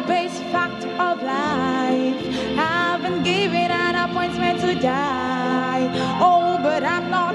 simple basic fact of life. I've been given an appointment to die. Oh, but I'm not.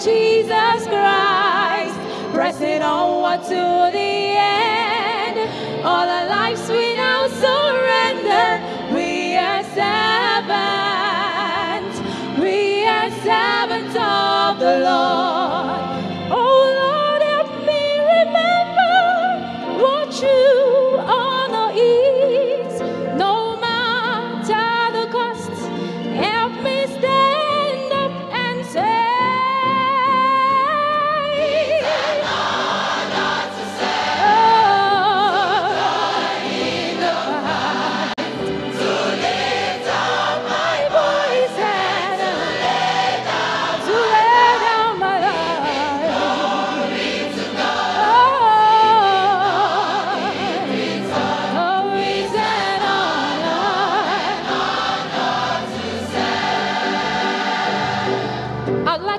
Jesus Christ, pressing onward to the end.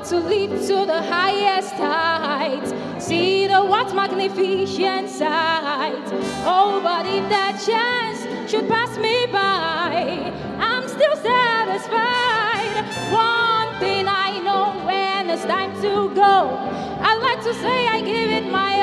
to leap to the highest heights. See the what magnificent sight. Oh, but if that chance should pass me by, I'm still satisfied. One thing I know when it's time to go, I like to say I give it my